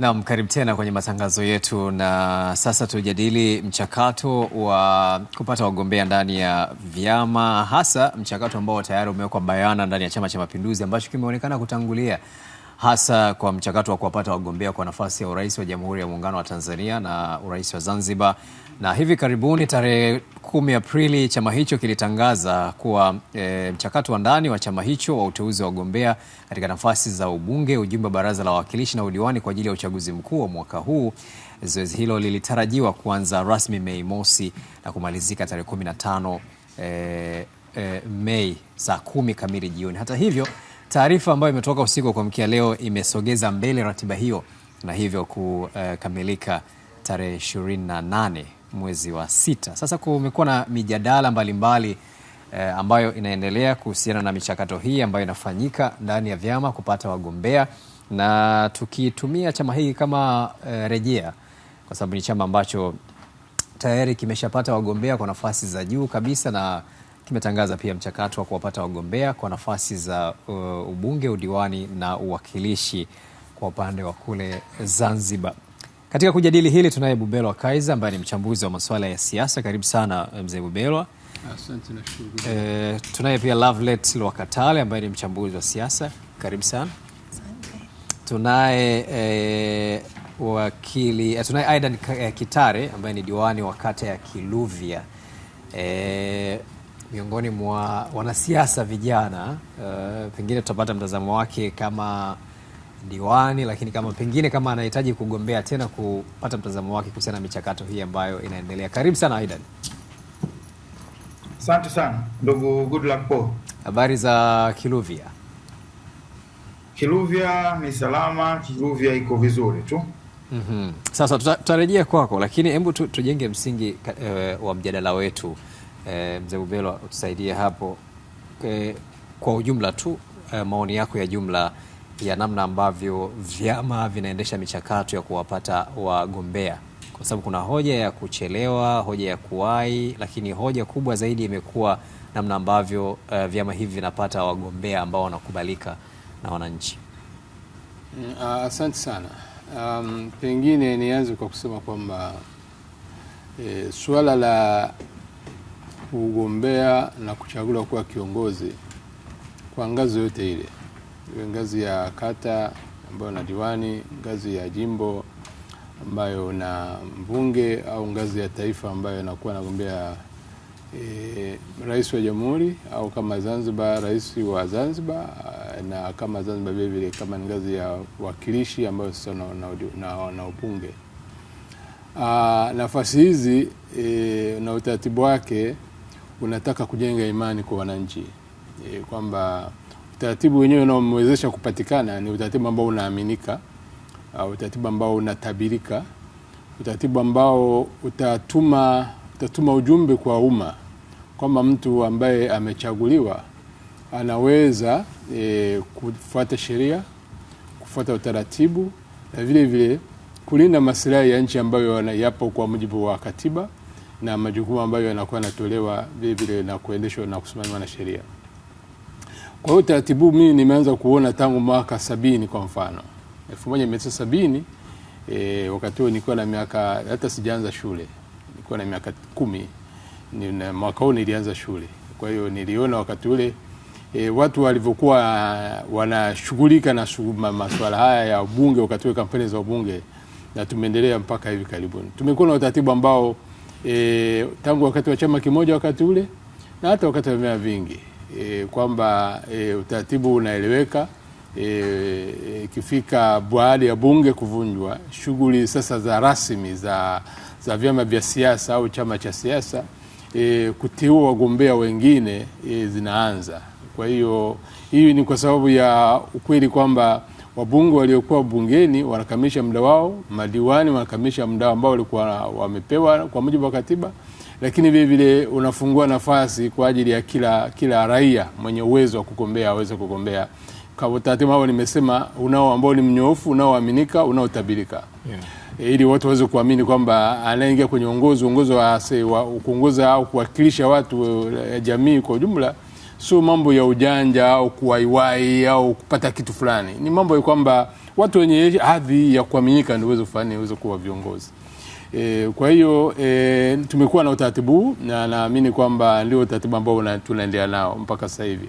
Naam, karibu tena kwenye matangazo yetu, na sasa tujadili mchakato wa kupata wagombea ndani ya vyama, hasa mchakato ambao tayari umewekwa bayana ndani ya Chama cha Mapinduzi ambacho kimeonekana kutangulia hasa kwa mchakato wa kuwapata wagombea kwa nafasi ya urais wa Jamhuri ya Muungano wa Tanzania na urais wa Zanzibar na hivi karibuni tarehe kumi Aprili chama hicho kilitangaza kuwa e, mchakato wa ndani wa chama hicho wa uteuzi wa wagombea katika nafasi za ubunge, ujumbe wa baraza la wawakilishi na udiwani kwa ajili ya uchaguzi mkuu wa mwaka huu. Zoezi hilo lilitarajiwa kuanza rasmi Mei mosi na kumalizika tarehe 15 e, e, Mei saa kumi kamili jioni. Hata hivyo, taarifa ambayo imetoka usiku wa kuamkia leo imesogeza mbele ratiba hiyo na hivyo kukamilika tarehe 28 mwezi wa sita. Sasa kumekuwa na mijadala mbalimbali mbali, eh, ambayo inaendelea kuhusiana na michakato hii ambayo inafanyika ndani ya vyama kupata wagombea na tukitumia chama hiki kama eh, rejea kwa sababu ni chama ambacho tayari kimeshapata wagombea kwa nafasi za juu kabisa na kimetangaza pia mchakato wa kuwapata wagombea kwa nafasi za uh, ubunge, udiwani na uwakilishi kwa upande wa kule Zanzibar. Katika kujadili hili tunaye Bubelwa Kaiza ambaye ni mchambuzi wa masuala ya siasa. Karibu sana eh, mzee Bubelwa. Asante na shukrani. E, eh, tunaye pia Lovelet Lwakatale ambaye ni mchambuzi wa siasa. Karibu sana. Asante. Tunaye e, wakili tunaye Aidan Kitare ambaye ni diwani wa kata ya Kiluvya e, miongoni mwa wanasiasa vijana e, pengine tutapata mtazamo wake kama diwani, lakini kama pengine kama anahitaji kugombea tena, kupata mtazamo wake kuhusiana na michakato hii ambayo inaendelea. Karibu sana Aidan. Asante sana ndugu Goodluck Paul. Habari za Kiluvya? Kiluvya ni salama, Kiluvya iko vizuri tu. Mm -hmm. Sasa tutarejea kwako, lakini hebu tu, tujenge msingi e, wa mjadala wetu e, mzee Bubelo utusaidie hapo e, kwa ujumla tu e, maoni yako ya jumla ya namna ambavyo vyama vinaendesha michakato ya kuwapata wagombea, kwa sababu kuna hoja ya kuchelewa, hoja ya kuwai lakini hoja kubwa zaidi imekuwa namna ambavyo uh, vyama hivi vinapata wagombea ambao wanakubalika na wananchi. Mm, ah, asante uh, sana. Um, pengine nianze kwa kusema kwamba e, suala la kugombea na kuchaguliwa kuwa kiongozi kwa ngazi yoyote ile iwe ngazi ya kata ambayo na diwani, ngazi ya jimbo ambayo na mbunge, au ngazi ya taifa ambayo inakuwa nagombea e, rais wa jamhuri, au kama Zanzibar rais wa Zanzibar, na kama Zanzibar vile vile kama ni ngazi ya wakilishi ambayo sasa na, na, na, na upunge Aa, nafasi hizi e, na utaratibu wake unataka kujenga imani kwa wananchi e, kwamba utaratibu wenyewe unaomwezesha kupatikana ni utaratibu ambao unaaminika, uh, utaratibu ambao unatabirika, utaratibu ambao utatuma, utatuma ujumbe kwa umma kwamba mtu ambaye amechaguliwa anaweza e, kufuata sheria, kufuata utaratibu na vile vile kulinda masilahi ya nchi ambayo yapo kwa mujibu wa katiba na majukumu ambayo yanakuwa yanatolewa vile vile na kuendeshwa na kusimamiwa na sheria. Kwa hiyo utaratibu huu mimi nimeanza kuona tangu mwaka sabini kwa mfano elfu moja mia tisa sabini e, wakati huo nilikuwa na miaka hata sijaanza shule, nilikuwa na miaka kumi na mwaka huo nilianza shule. Kwa hiyo niliona wakati ule e, watu walivyokuwa wanashughulika na masuala haya ya ubunge, wakati ule kampeni za ubunge, na tumeendelea mpaka hivi karibuni. Tumekuwa na utaratibu ambao e, tangu wakati wa chama kimoja wakati ule na hata wakati wa vyama vingi e, kwamba e, utaratibu unaeleweka e, e, ikifika baada ya bunge kuvunjwa, shughuli sasa za rasmi za, za vyama vya siasa au chama cha siasa e, kuteua wagombea wengine e, zinaanza. Kwa hiyo hii ni kwa sababu ya ukweli kwamba wabunge waliokuwa bungeni wanakamilisha muda wao, madiwani wanakamilisha muda ambao walikuwa wamepewa kwa mujibu wa katiba lakini vile vile unafungua nafasi kwa ajili ya kila kila raia mwenye uwezo wa kugombea aweze kugombea kwa utaratibu ambao nimesema, unao ambao ni mnyoofu, unaoaminika, unaotabirika yeah. E, ili watu waweze kuamini kwamba anaingia kwenye uongozi uongozi wa, wa kuongoza au kuwakilisha watu e, jamii kwa ujumla, sio mambo ya ujanja au kuwaiwai au kupata kitu fulani, ni mambo ya kwamba watu wenye hadhi ya kuaminika ndio uweze kufanya uweze kuwa viongozi. E, kwa hiyo e, tumekuwa na utaratibu huu na naamini kwamba ndio utaratibu ambao tunaendelea nao mpaka sasa hivi.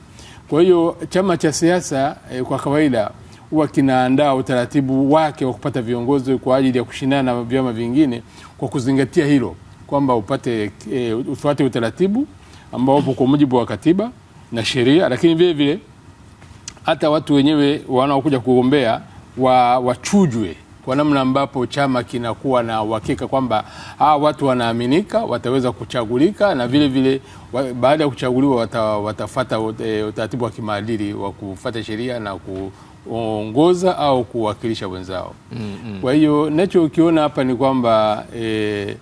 Kwa hiyo chama cha siasa e, kwa kawaida huwa kinaandaa utaratibu wake wa kupata viongozi kwa ajili ya kushindana na vyama vingine kwa kuzingatia hilo kwamba upate e, ufuate utaratibu ambao upo kwa mujibu wa katiba na sheria, lakini vile vile hata watu wenyewe wanaokuja kugombea wa wachujwe kwa namna ambapo chama kinakuwa na uhakika kwamba hawa ah, watu wanaaminika, wataweza kuchagulika na vile vile wa, baada ya kuchaguliwa wata, watafata e, utaratibu wa kimaadili wa kufata sheria na kuongoza au kuwakilisha wenzao. mm -hmm. Kwa hiyo nachokiona hapa ni kwamba e,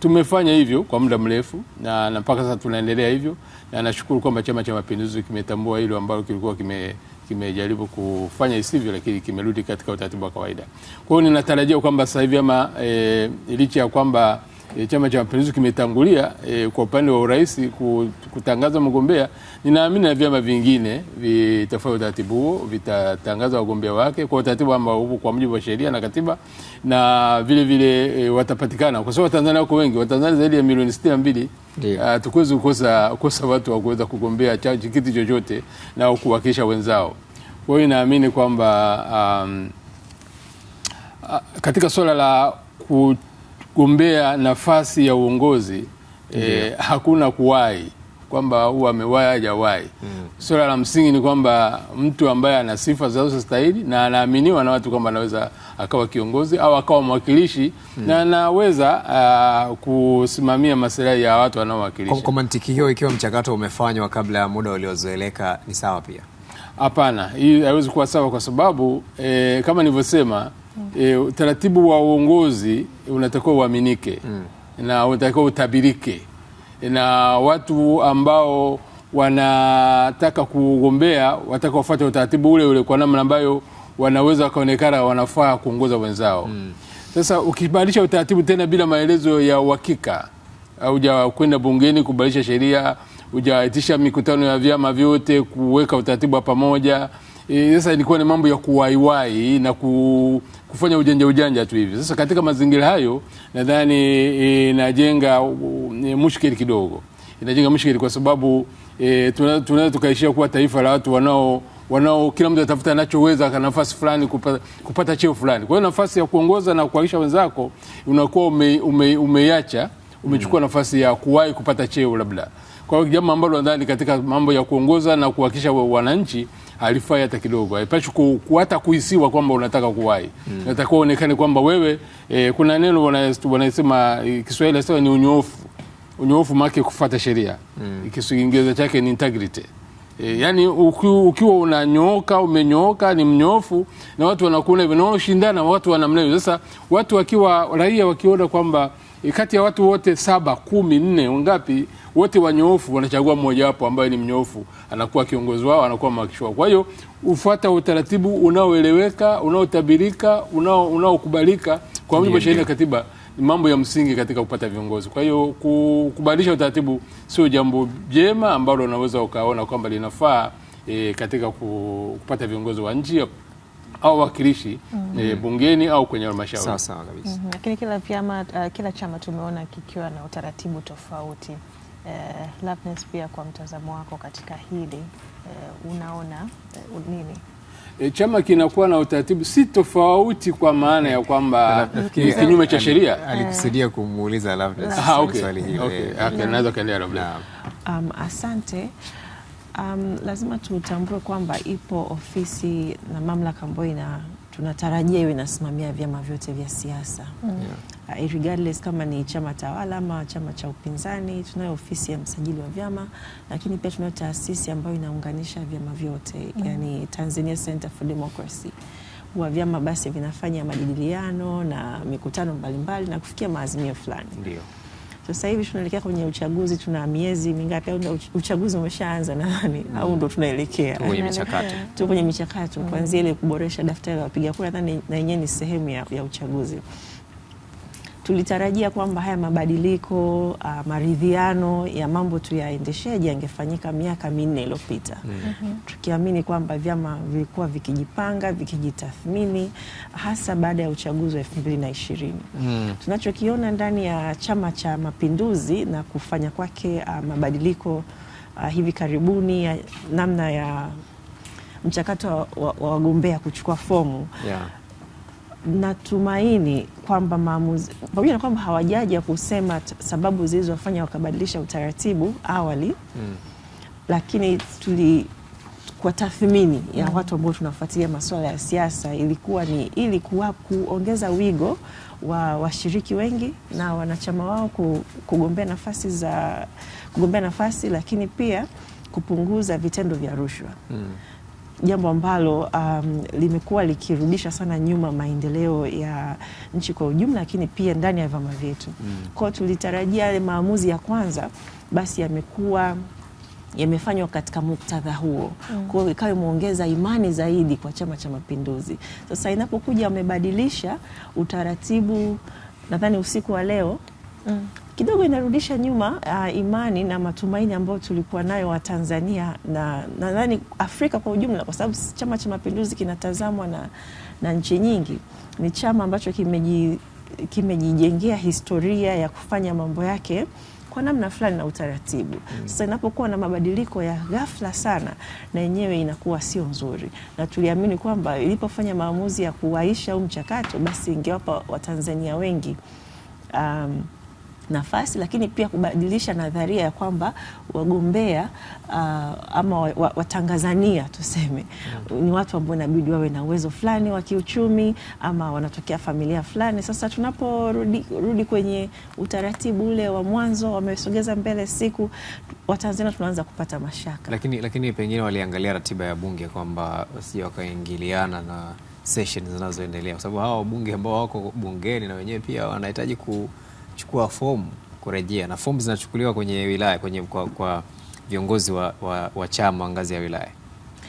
tumefanya hivyo kwa muda mrefu na mpaka sasa tunaendelea hivyo, na nashukuru kwamba Chama cha Mapinduzi kimetambua hilo ambalo kilikuwa kime kimejaribu kufanya isivyo, lakini kimerudi katika utaratibu wa kawaida. Kwa hiyo ninatarajia kwamba sasa hivi ama e, licha ya kwamba e, Chama cha Mapinduzi kimetangulia e, kwa upande wa urais kutangaza mgombea. Ninaamini na vyama vingine vitafanya utaratibu huo, vitatangaza wagombea wake kwa utaratibu ambao upo kwa mujibu wa sheria na katiba, na vile vile e, watapatikana kwa sababu Watanzania wako wengi, Watanzania zaidi ya milioni sitini na mbili. Uh, kukosa watu wa kuweza kugombea kiti chochote na kuwakilisha wenzao. Kwa hiyo naamini kwamba um, katika swala la kugombea nafasi ya uongozi e, hakuna kuwahi kwamba huu amewahi hajawahi. mm. Swala la msingi ni kwamba mtu ambaye ana sifa zinazostahili na anaaminiwa na watu kwamba anaweza akawa kiongozi au akawa mwakilishi mm. na anaweza uh, kusimamia masilahi ya watu anaowakilisha. Kwa mantiki hiyo, ikiwa mchakato umefanywa kabla ya muda uliozoeleka ni sawa pia? Hapana, hii haiwezi kuwa sawa kwa sababu eh, kama nilivyosema e, utaratibu wa uongozi unatakiwa uaminike mm. na unatakiwa utabirike na watu ambao wanataka kugombea wataka wafuate utaratibu ule ule kwa namna ambayo wanaweza wakaonekana wanafaa kuongoza wenzao mm. Sasa ukibadilisha utaratibu tena bila maelezo ya uhakika, huja kwenda bungeni kubadilisha sheria, hujaitisha mikutano ya vyama vyote kuweka utaratibu wa pamoja, e, sasa ilikuwa ni mambo ya kuwaiwai na ku kufanya ujanja ujanja tu hivi. Sasa katika mazingira hayo, nadhani e, inajenga e, mushkeli kidogo, inajenga mushkili kwa sababu e, tunaweza tukaishia kuwa taifa la watu wanao wanao kila mtu atafuta anachoweza nafasi fulani kupata, kupata cheo fulani. Kwa hiyo nafasi ya kuongoza na kualisha wenzako unakuwa ume, ume, umechukua mm. nafasi ya kuwahi kupata cheo labda. Kwa hiyo jambo ambalo nadhani katika mambo ya kuongoza na kuhakikisha wananchi alifai hata kidogo, haipashi eh, ku, ku, hata kuhisiwa kwamba unataka kuwahi mm. Natakiwa uonekane kwamba wewe e, kuna neno wanasema eh, Kiswahili asema ni unyoofu. Unyoofu make kufata sheria mm. Kiingereza chake ni integrity e, yani ukiwa unanyooka umenyooka ni mnyoofu na watu wanakuona hivyo, naoshindana watu wanamna Sasa watu wakiwa raia wakiona kwamba kati ya watu wote saba, kumi, nne, ngapi wote wanyoofu, wanachagua mmojawapo ambaye ni mnyoofu, anakuwa kiongozi wao, anakuwa mwakilishi wao. Kwa hiyo ufuata utaratibu unaoeleweka, unaotabirika, unaokubalika, unao kwa mujibu wa sheria katiba ni mambo ya msingi katika kupata viongozi. Kwa hiyo kukubalisha utaratibu sio jambo jema ambalo unaweza ukaona kwamba linafaa e, katika kupata viongozi wa nchi au wakilishi mm -hmm. e, bungeni au kwenye halmashauri. Sawa sawa kabisa. mm -hmm. Lakini kila vyama uh, kila chama tumeona kikiwa na utaratibu tofauti. Uh, eh, Loveness, pia kwa mtazamo wako katika hili uh, unaona uh, nini? E, chama kinakuwa na utaratibu si tofauti kwa maana ya kwamba ni kinyume cha sheria. Alikusudia kumuuliza Loveness ah, swali hili. Okay, naweza kaendelea. Um, asante. Um, lazima tutambue kwamba ipo ofisi na mamlaka ambayo ina tunatarajia iwe inasimamia vyama vyote vya siasa mm. yeah. Uh, regardless kama ni chama tawala ama chama cha upinzani, tunayo ofisi ya msajili wa vyama, lakini pia tunayo taasisi ambayo inaunganisha vyama vyote mm. yani Tanzania Center for Democracy huwa vyama basi vinafanya majadiliano na mikutano mbalimbali mbali, na kufikia maazimio fulani ndio sasa hivi tunaelekea kwenye uchaguzi, tuna miezi mingapi? Au uchaguzi umeshaanza nadhani, au ndo tunaelekea tu kwenye michakato kuanzia ile kuboresha daftari la wapiga kura, nadhani na yenyewe ni sehemu ya, ya uchaguzi tulitarajia kwamba haya mabadiliko uh, maridhiano ya mambo tuyaendesheje yangefanyika miaka minne iliyopita mm -hmm. tukiamini kwamba vyama vilikuwa vikijipanga vikijitathmini hasa baada ya uchaguzi wa elfu mbili na ishirini mm. tunachokiona ndani ya Chama cha Mapinduzi na kufanya kwake uh, mabadiliko uh, hivi karibuni ya namna ya mchakato wa wagombea kuchukua fomu yeah natumaini kwamba maamuzi, pamoja na kwamba hawajaja kusema sababu zilizofanya wakabadilisha utaratibu awali mm. lakini tuli kwa tathmini ya hmm. watu ambao tunafuatilia masuala ya siasa ilikuwa ni ili kuongeza wigo wa washiriki wengi na wanachama wao kugombea nafasi za kugombea nafasi, lakini pia kupunguza vitendo vya rushwa mm jambo ambalo um, limekuwa likirudisha sana nyuma maendeleo ya nchi kwa ujumla, lakini pia ndani ya vyama vyetu mm. Kwao tulitarajia yale maamuzi ya kwanza basi yamekuwa yamefanywa katika muktadha huo mm. Kwao ikawa imeongeza imani zaidi kwa Chama cha Mapinduzi. Sasa inapokuja amebadilisha utaratibu, nadhani usiku wa leo mm kidogo inarudisha nyuma uh, imani na matumaini ambayo tulikuwa nayo Watanzania na nadhani na, Afrika kwa ujumla, kwa sababu Chama cha Mapinduzi kinatazamwa na, na nchi nyingi. Ni chama ambacho kimeji kimejijengea historia ya kufanya mambo yake kwa namna fulani na utaratibu. Mm. Sasa mm. so, inapokuwa na mabadiliko ya ghafla sana, na yenyewe inakuwa sio nzuri, na tuliamini kwamba ilipofanya maamuzi ya kuwaisha huu mchakato, basi ingewapa Watanzania wengi um, nafasi, lakini pia kubadilisha nadharia ya kwamba wagombea uh, ama watangazania wa, wa tuseme mm. ni watu ambao inabidi wawe na uwezo fulani wa kiuchumi ama wanatokea familia fulani. Sasa tunaporudi rudi kwenye utaratibu ule wa mwanzo, wamesogeza mbele siku, Watanzania tunaanza kupata mashaka. Lakini, lakini pengine waliangalia ratiba ya bunge kwamba si wakaingiliana na session zinazoendelea kwa sababu hawa wabunge ambao wako bungeni na wenyewe pia wanahitaji ku kuchukua fomu kurejea, na fomu zinachukuliwa kwenye wilaya kwenye kwa, kwa viongozi wa, wa, wa chama ngazi ya wilaya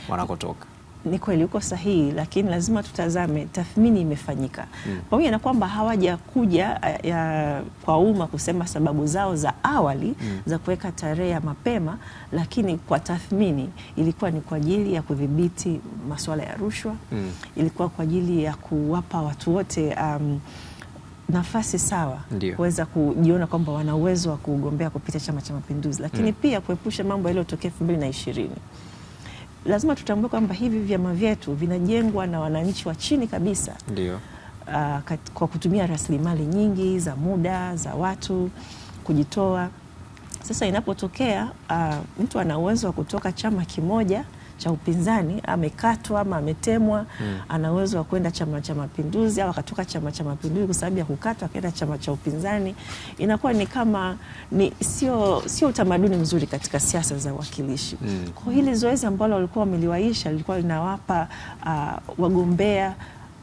wanakotoka. Ni kweli uko sahihi, lakini lazima tutazame tathmini imefanyika hmm. pamoja na kwamba hawajakuja eh, kwa umma kusema sababu zao za awali mm. za kuweka tarehe ya mapema, lakini kwa tathmini ilikuwa ni kwa ajili ya kudhibiti masuala ya rushwa mm. ilikuwa kwa ajili ya kuwapa watu wote um, nafasi sawa kuweza kujiona kwamba wana uwezo wa kugombea kupitia Chama cha Mapinduzi, lakini mm. pia kuepusha mambo yaliyotokea elfu mbili na ishirini. Lazima tutambue kwamba hivi vyama vyetu vinajengwa na wananchi wa chini kabisa uh, kwa kutumia rasilimali nyingi za muda za watu kujitoa. Sasa inapotokea uh, mtu ana uwezo wa kutoka chama kimoja cha upinzani amekatwa ama ametemwa mm. ana uwezo wa kwenda Chama cha Mapinduzi au akatoka Chama cha Mapinduzi kwa sababu ya kukatwa akaenda chama cha upinzani, inakuwa ni kama ni sio sio utamaduni mzuri katika siasa za uwakilishi mm. kwa hili zoezi ambalo walikuwa wameliwaisha lilikuwa linawapa uh, wagombea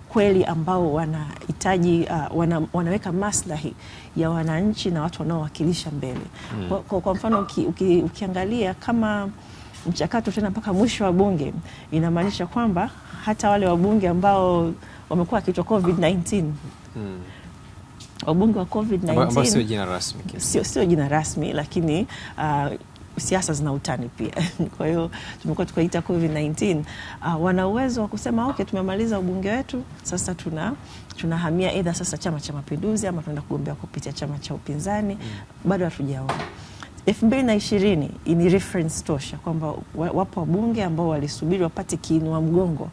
kweli ambao wanahitaji uh, wana, wanaweka maslahi ya wananchi na watu wanaowakilisha mbele mm. kwa, kwa kwa mfano uki, uki, ukiangalia kama mchakato tena mpaka mwisho wa bunge, inamaanisha kwamba hata wale wabunge ambao wamekuwa wakiitwa COVID-19 hmm wabunge wa COVID-19 sio jina rasmi, sio sio jina rasmi lakini uh, siasa zina utani pia kwa hiyo tumekuwa tukaita COVID-19. Uh, wana uwezo wa kusema okay, tumemaliza ubunge wetu, sasa tuna tunahamia aidha sasa Chama cha Mapinduzi ama tunaenda kugombea kupitia chama cha upinzani mm. Bado hatujaona elfu mbili na ishirini ni reference tosha kwamba wapo wabunge ambao walisubiri wapate kiinua mgongo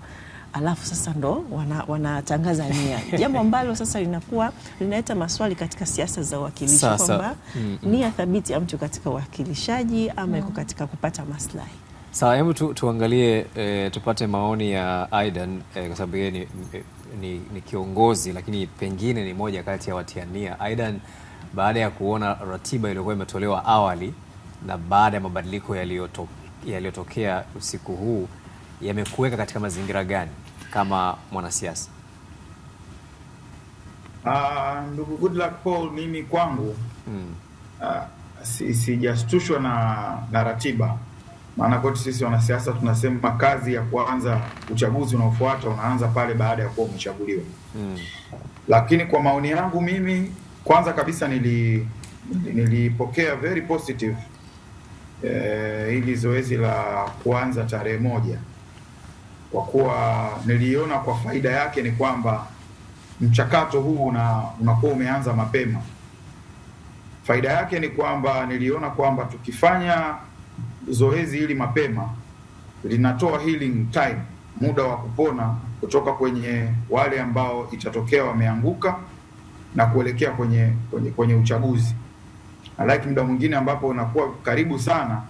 alafu sasa ndo wanatangaza wana nia, jambo ambalo sasa linakuwa linaleta maswali katika siasa za uwakilishi kwamba mm -mm. nia thabiti ya mtu katika uwakilishaji ama iko mm. katika kupata maslahi. Sawa, hebu tu, tuangalie e, tupate maoni ya Aidan e, kwa sababu yeye ni, ni, ni kiongozi lakini pengine ni moja kati ya watiania Aidan baada ya kuona ratiba iliyokuwa imetolewa awali na baada ya mabadiliko yaliyotokea ya usiku huu yamekuweka katika mazingira gani kama mwanasiasa? Uh, ndugu Goodluck Paul, mimi kwangu hmm. uh, sijastushwa si na, na ratiba, maana kwetu sisi wanasiasa tunasema kazi ya kuanza uchaguzi unaofuata unaanza pale baada ya kuwa umechaguliwa hmm. Lakini kwa maoni yangu mimi kwanza kabisa nili nilipokea very positive eh, hili zoezi la kuanza tarehe moja, kwa kuwa niliona kwa faida yake ni kwamba mchakato huu una unakuwa umeanza mapema. Faida yake ni kwamba niliona kwamba tukifanya zoezi hili mapema linatoa healing time, muda wa kupona kutoka kwenye wale ambao itatokea wameanguka na kuelekea kwenye, kwenye, kwenye uchaguzi. Halaiki muda mwingine ambapo unakuwa karibu sana,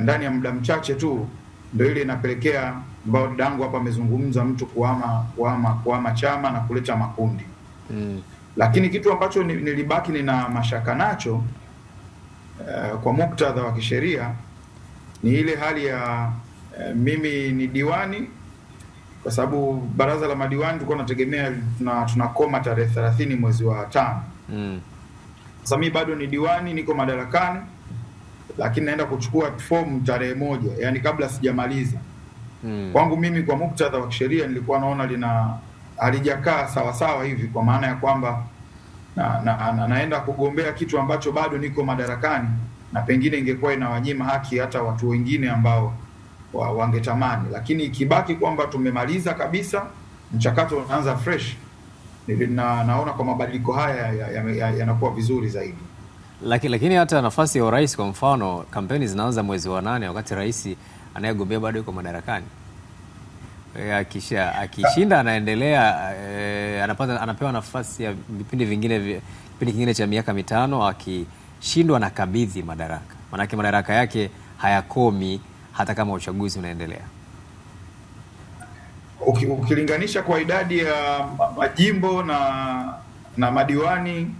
ndani ya muda mchache tu ndio ile inapelekea ambao dadangu hapa amezungumza, mtu kuhama kuhama kuhama chama na kuleta makundi mm. Lakini kitu ambacho nilibaki nina mashaka nacho uh, kwa muktadha wa kisheria ni ile hali ya uh, mimi ni diwani kwa sababu baraza la madiwani tulikuwa tunategemea tuna, tunakoma tarehe thelathini mwezi wa tano. Mm. Sasa mimi bado ni diwani, niko madarakani, lakini naenda kuchukua fomu tarehe moja, yani kabla sijamaliza. Mm. Kwangu mimi kwa muktadha wa kisheria nilikuwa naona lina halijakaa sawasawa hivi, kwa maana ya kwamba na, na, na, naenda kugombea kitu ambacho bado niko madarakani na pengine ingekuwa inawanyima haki hata watu wengine ambao wa, wangetamani, lakini ikibaki kwamba tumemaliza kabisa mchakato unaanza fresh na, naona kwa mabadiliko haya yanakuwa ya, ya, ya vizuri zaidi. Lakini, lakini hata nafasi ya urais kwa mfano kampeni zinaanza mwezi wa nane wakati rais anayegombea bado yuko madarakani. E, akisha, akishinda anaendelea e, anapata, anapewa nafasi ya vipindi vingine kipindi kingine cha miaka mitano. Akishindwa na kabidhi madaraka, maanake madaraka yake hayakomi hata kama uchaguzi unaendelea? Ukilinganisha kwa idadi ya majimbo na na madiwani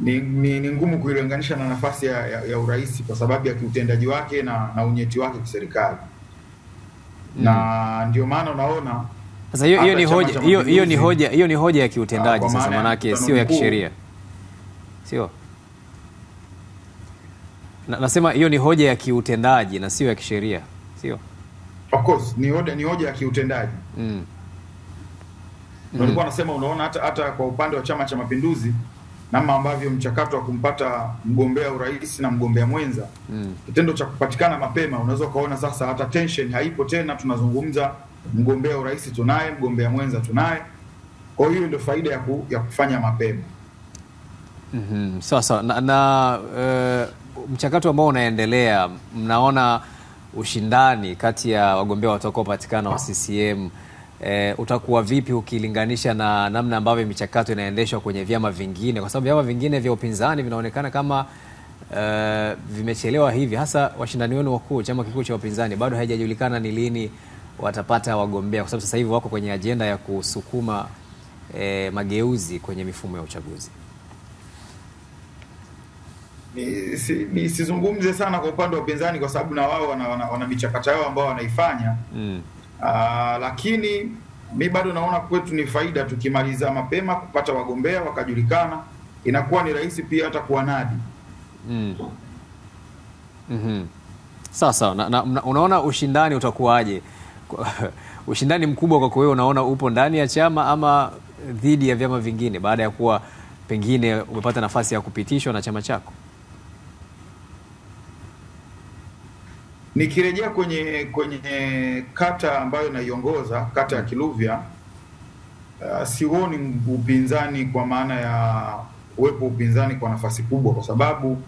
ni, ni, ni ngumu kuilinganisha na nafasi ya, ya, ya urais kwa sababu ya kiutendaji wake na, na unyeti wake kiserikali mm. na ndio maana unaona sasa hiyo hiyo ni hoja hiyo ni hoja hiyo ni hoja ya kiutendaji ah, sasa, manake sio ya kisheria, sio na, nasema hiyo ni hoja ya kiutendaji na sio ya kisheria, sio? Of course ni hoja, ni hoja ya kiutendaji mm. Nilikuwa mm. nasema unaona, hata hata kwa upande wa Chama cha Mapinduzi namna ambavyo mchakato wa kumpata mgombea urais na mgombea mwenza mm. kitendo cha kupatikana mapema, unaweza ukaona sasa hata tension haipo tena, tunazungumza mgombea urais tunaye, mgombea mwenza tunaye. Kwa hiyo ndio faida ya, ku, ya kufanya mapema. mm -hmm. Sasa na, na uh mchakato ambao unaendelea, mnaona ushindani kati ya wagombea watakaopatikana wa CCM e, eh, utakuwa vipi ukilinganisha na namna ambavyo michakato inaendeshwa kwenye vyama vingine, kwa sababu vyama vingine vya upinzani vinaonekana kama e, vimechelewa hivi, hasa washindani wenu wakuu, chama kikuu cha upinzani bado haijajulikana ni lini watapata wagombea, kwa sababu sasa hivi wako kwenye ajenda ya kusukuma e, mageuzi kwenye mifumo ya uchaguzi nisizungumze ni sana kwa upande wa upinzani kwa sababu na wao wana, wana, wana michakato yao ambao wanaifanya mm. Aa, ah, lakini mi bado naona kwetu ni faida tukimaliza mapema kupata wagombea wakajulikana, inakuwa ni rahisi pia hata kuwanadi mm. mm -hmm. Sasa na, na, unaona ushindani utakuwaje? ushindani mkubwa kwako wewe, unaona upo ndani ya chama ama dhidi ya vyama vingine, baada ya kuwa pengine umepata nafasi ya kupitishwa na chama chako? Nikirejea kwenye kwenye kata ambayo naiongoza, kata ya Kiluvya, uh, siuoni upinzani kwa maana ya uwepo upinzani kwa nafasi kubwa, kwa sababu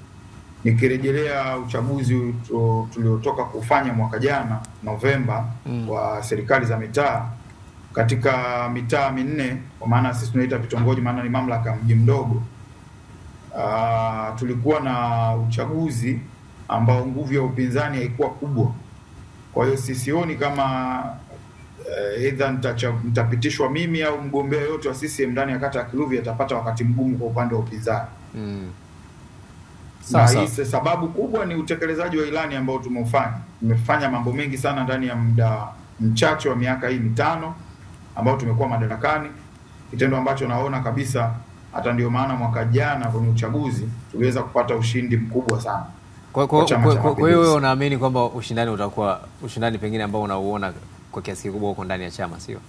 nikirejelea uchaguzi tuliotoka kufanya mwaka jana Novemba mm. wa serikali za mitaa katika mitaa minne, kwa maana sisi tunaita vitongoji, maana ni mamlaka ya mji mdogo. Uh, tulikuwa na uchaguzi ambao nguvu ya upinzani haikuwa kubwa. Kwa hiyo sisioni kama eh, aidha uh, nitapitishwa mimi au mgombea yote wa CCM ndani ya kata ya Kiluvi atapata wakati mgumu kwa upande wa upinzani mm. Sasa sababu kubwa ni utekelezaji wa ilani ambao tumeufanya. Tumefanya mambo mengi sana ndani ya muda mchache wa miaka hii mitano ambao tumekuwa madarakani, kitendo ambacho naona kabisa hata ndio maana mwaka jana kwenye uchaguzi tuliweza kupata ushindi mkubwa sana. Kwa hiyo unaamini kwamba ushindani utakuwa ushindani pengine ambao unauona kwa kiasi kikubwa huko ndani ya chama, sio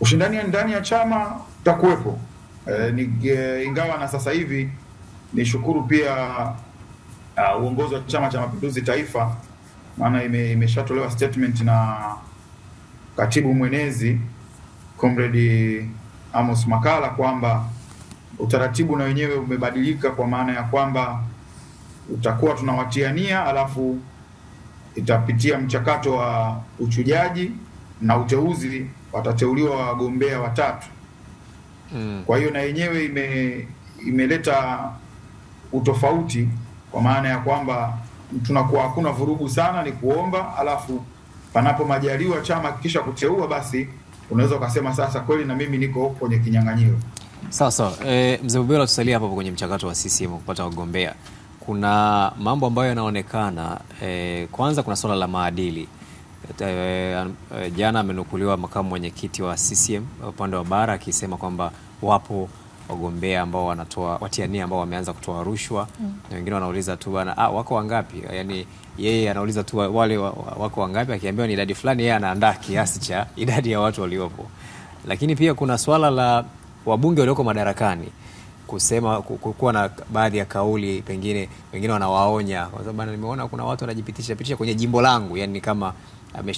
ushindani ndani ya chama utakuwepo. E, ni, e, ingawa na sasa hivi nishukuru pia uh, uongozi wa Chama cha Mapinduzi Taifa, maana imeshatolewa ime statement na katibu mwenezi Comrade Amos Makala kwamba utaratibu na wenyewe umebadilika kwa maana ya kwamba utakuwa tunawatiania, alafu itapitia mchakato wa uchujaji na uteuzi, watateuliwa wagombea watatu mm. Kwa hiyo na yenyewe ime, imeleta utofauti kwa maana ya kwamba tunakuwa hakuna vurugu sana, ni kuomba, alafu panapo majaliwa chama kisha kuteua, basi unaweza ukasema sasa kweli na mimi niko kwenye kinyang'anyiro. Sawa sawa. E, mzee Bubero, tusalie hapo kwenye mchakato wa CCM kupata wagombea kuna mambo ambayo yanaonekana e, kwanza kuna swala la maadili e, e, jana amenukuliwa makamu mwenyekiti wa CCM upande wa bara akisema kwamba wapo wagombea ambao wanatoa watiania ambao wameanza kutoa rushwa mm. na wengine wanauliza tu bana, ah, wako wangapi? Yani yeye anauliza tu wale wako wangapi, akiambiwa ni idadi fulani, yeye anaandaa kiasi cha idadi ya watu waliopo. Lakini pia kuna swala la wabunge walioko madarakani kusema kuwa na baadhi ya kauli pengine wengine wanawaonya, kwa sababu bana, nimeona kuna watu wanajipitisha pitisha kwenye jimbo langu, yani ni kama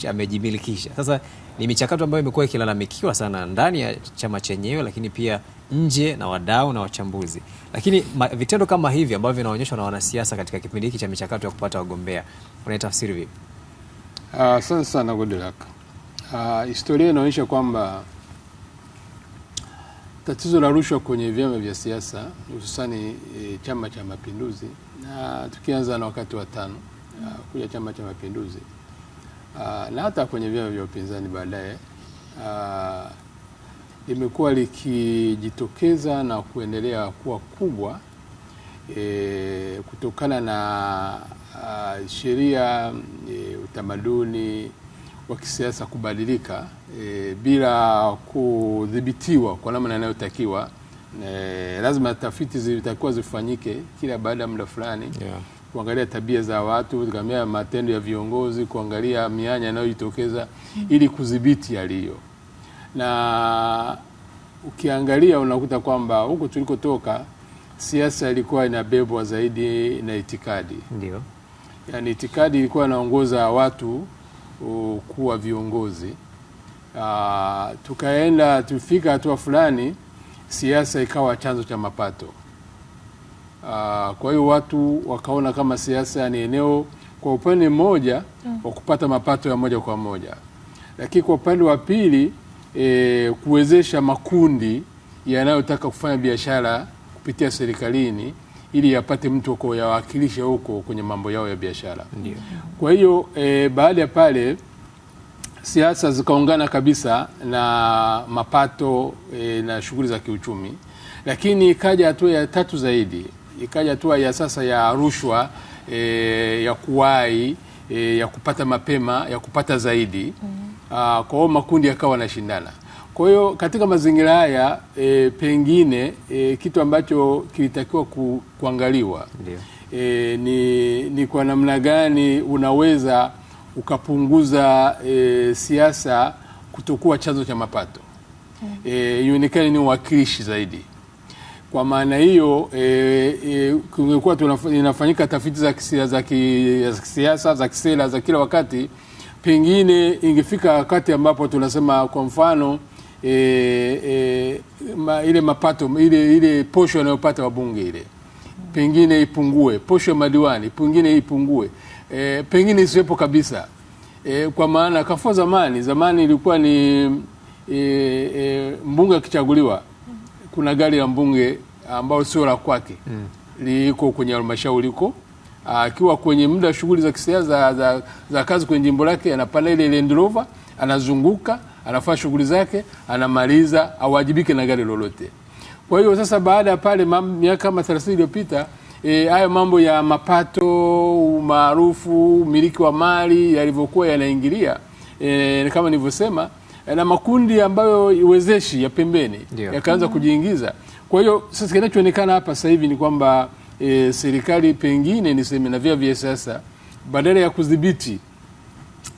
amejimilikisha. Sasa ni michakato ambayo imekuwa ikilalamikiwa sana ndani ya chama chenyewe, lakini pia nje na wadau na wachambuzi. Lakini ma, vitendo kama hivi ambavyo vinaonyeshwa na wanasiasa katika kipindi hiki cha michakato ya kupata wagombea unaitafsiri vipi? Ah, asante uh, sana Goodluck. Uh, historia inaonyesha kwamba tatizo la rushwa kwenye vyama vya siasa hususani e, Chama cha Mapinduzi, na tukianza na wakati wa tano mm. Ah, kuja Chama cha Mapinduzi ah, na hata kwenye vyama vya upinzani baadaye limekuwa ah, likijitokeza na kuendelea kuwa kubwa e, kutokana na sheria e, utamaduni wa kisiasa kubadilika e, bila kudhibitiwa kwa namna inayotakiwa. E, lazima tafiti zilitakiwa zifanyike kila baada ya muda fulani yeah. Kuangalia tabia za watu, kuangalia matendo ya viongozi, kuangalia mianya inayojitokeza ili kudhibiti yaliyo na ukiangalia unakuta kwamba huko tulikotoka siasa ilikuwa inabebwa zaidi na itikadi. Ndio. yaani itikadi ilikuwa inaongoza watu kuwa viongozi uh, tukaenda tufika hatua fulani, siasa ikawa chanzo cha mapato uh, kwa hiyo watu wakaona kama siasa ni eneo kwa upande mmoja mm. wa kupata mapato ya moja kwa moja, lakini kwa upande wa pili e, kuwezesha makundi yanayotaka kufanya biashara kupitia serikalini ili yapate mtu kuyawakilisha huko kwenye mambo yao ya biashara. Kwa hiyo e, baada ya pale siasa zikaungana kabisa na mapato e, na shughuli za kiuchumi, lakini ikaja hatua ya tatu zaidi, ikaja hatua ya sasa ya rushwa e, ya kuwai e, ya kupata mapema, ya kupata zaidi mm -hmm. Kwa hiyo makundi yakawa yanashindana kwa hiyo katika mazingira haya e, pengine e, kitu ambacho kilitakiwa ku, kuangaliwa e, ni, ni kwa namna gani unaweza ukapunguza e, siasa kutokuwa chanzo cha mapato hmm. e, ionekane ni uwakilishi zaidi. Kwa maana hiyo e, e, kungekuwa inafanyika tafiti za kisiasa za kisera za kila wakati, pengine ingefika wakati ambapo tunasema kwa mfano e, e, ma, ile mapato ile, ile posho anayopata wabunge ile pengine ipungue, posho ya madiwani pengine ipungue, e, pengine isiwepo kabisa e, kwa maana kafo zamani zamani ilikuwa ni e, e, mbunge akichaguliwa kuna gari la mbunge ambao sio la kwake mm. liko kwenye halmashauri huko akiwa kwenye muda wa shughuli za kisiasa za, za, za kazi kwenye jimbo lake, anapanda ile Land Rover anazunguka anafanya shughuli zake, anamaliza, awajibike na gari lolote. Kwa hiyo sasa, baada ya pale miaka kama 30 iliyopita e, hayo e, mambo ya mapato, umaarufu, umiliki wa mali yalivyokuwa yanaingilia e, kama nilivyosema e, na makundi ambayo iwezeshi ya pembeni yakaanza mm-hmm. kujiingiza. Kwa hiyo sasa kinachoonekana hapa sasa hivi ni kwamba e, serikali pengine niseme na vya vya sasa badala ya kudhibiti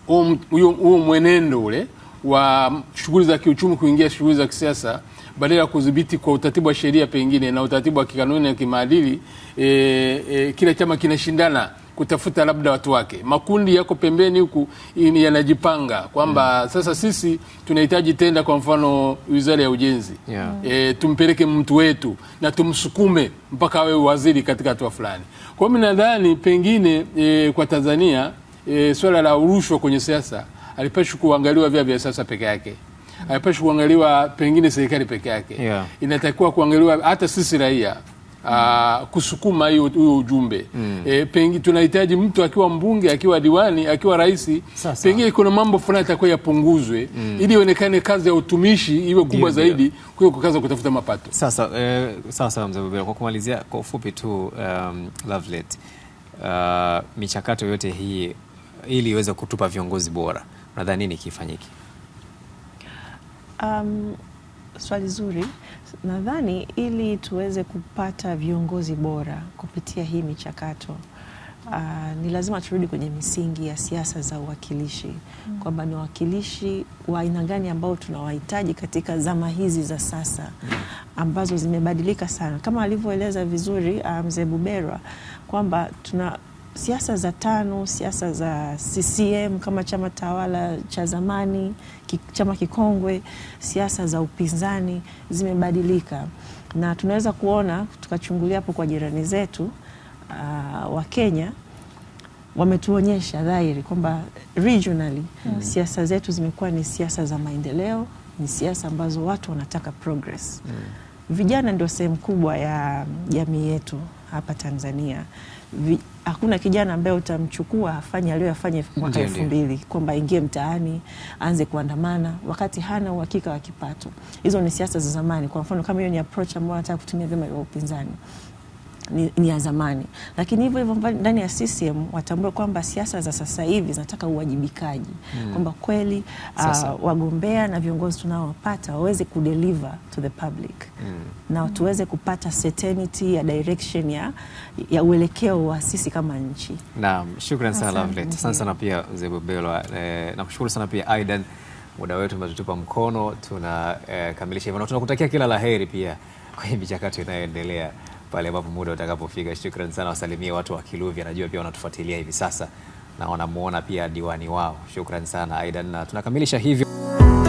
huo mwenendo ule wa shughuli za kiuchumi kuingia shughuli za kisiasa badala ya kudhibiti kwa utaratibu wa sheria pengine na utaratibu wa kikanuni na kimaadili. E, e, kila chama kinashindana kutafuta labda watu wake, makundi yako pembeni huku yanajipanga kwamba mm. Sasa sisi tunahitaji tenda, kwa mfano wizara ya ujenzi yeah. E, tumpeleke mtu wetu na tumsukume mpaka awe waziri katika hatua fulani. Kwa hiyo mi nadhani pengine e, kwa Tanzania e, swala la rushwa kwenye siasa halipashi kuangaliwa vya vya sasa peke yake, halipashi kuangaliwa pengine serikali peke yake yeah. Inatakiwa kuangaliwa hata sisi raia Uh, kusukuma hiyo huyo ujumbe mm. E, eh, pengi tunahitaji mtu akiwa mbunge akiwa diwani akiwa rais, pengine kuna mambo fulani yatakuwa yapunguzwe mm. ili ionekane kazi ya utumishi iwe kubwa Dio, zaidi kuliko kukaza kutafuta mapato. Sasa eh, sasa mzee Bobela, kwa kumalizia kwa ufupi tu um, Lovelet, uh, michakato yote hii ili iweze kutupa viongozi bora unadhani nini kifanyike? Um, swali zuri. Nadhani ili tuweze kupata viongozi bora kupitia hii michakato Uh, ni lazima turudi kwenye misingi ya siasa za uwakilishi mm. Kwamba ni wawakilishi wa aina gani ambao tunawahitaji katika zama hizi za sasa mm. ambazo zimebadilika sana, kama alivyoeleza vizuri uh, mzee um, Buberwa kwamba tuna siasa za tano, siasa za CCM kama chama tawala cha zamani, chama kikongwe, siasa za upinzani zimebadilika, na tunaweza kuona tukachungulia hapo kwa jirani zetu uh, wa Kenya wametuonyesha dhahiri kwamba regionally mm. siasa zetu zimekuwa ni siasa za maendeleo, ni siasa ambazo watu wanataka progress mm. Vijana ndio sehemu kubwa ya jamii yetu hapa Tanzania. Vi, hakuna kijana ambaye utamchukua afanye aliyoyafanya mwaka elfu mbili kwamba aingie mtaani aanze kuandamana wakati hana uhakika wa kipato. Hizo ni siasa za zamani. Kwa mfano kama hiyo ni approach ambayo anataka kutumia vyama vya upinzani ni, ni ya zamani, lakini hivyo hivyo ndani ya CCM watambue kwamba siasa za sasa hivi zinataka uwajibikaji mm. kwamba kweli uh, wagombea na viongozi tunaowapata waweze kudeliver to the public mm. na tuweze kupata certainty ya direction ya, ya uelekeo wa sisi kama nchi. Naam, shukrani sana Lovely, asante sana pia Mzee bobelwa eh, nakushukuru sana pia Aidan, muda wetu umetutupa mkono, tunakamilisha eh, hivyo na tunakutakia kila laheri pia kwenye michakato inayoendelea pale ambapo muda utakapofika. shukran sana, wasalimie watu wa Kiluvya, najua pia wanatufuatilia hivi sasa na wanamuona pia diwani wao. Shukran sana Aidan, na tunakamilisha hivyo.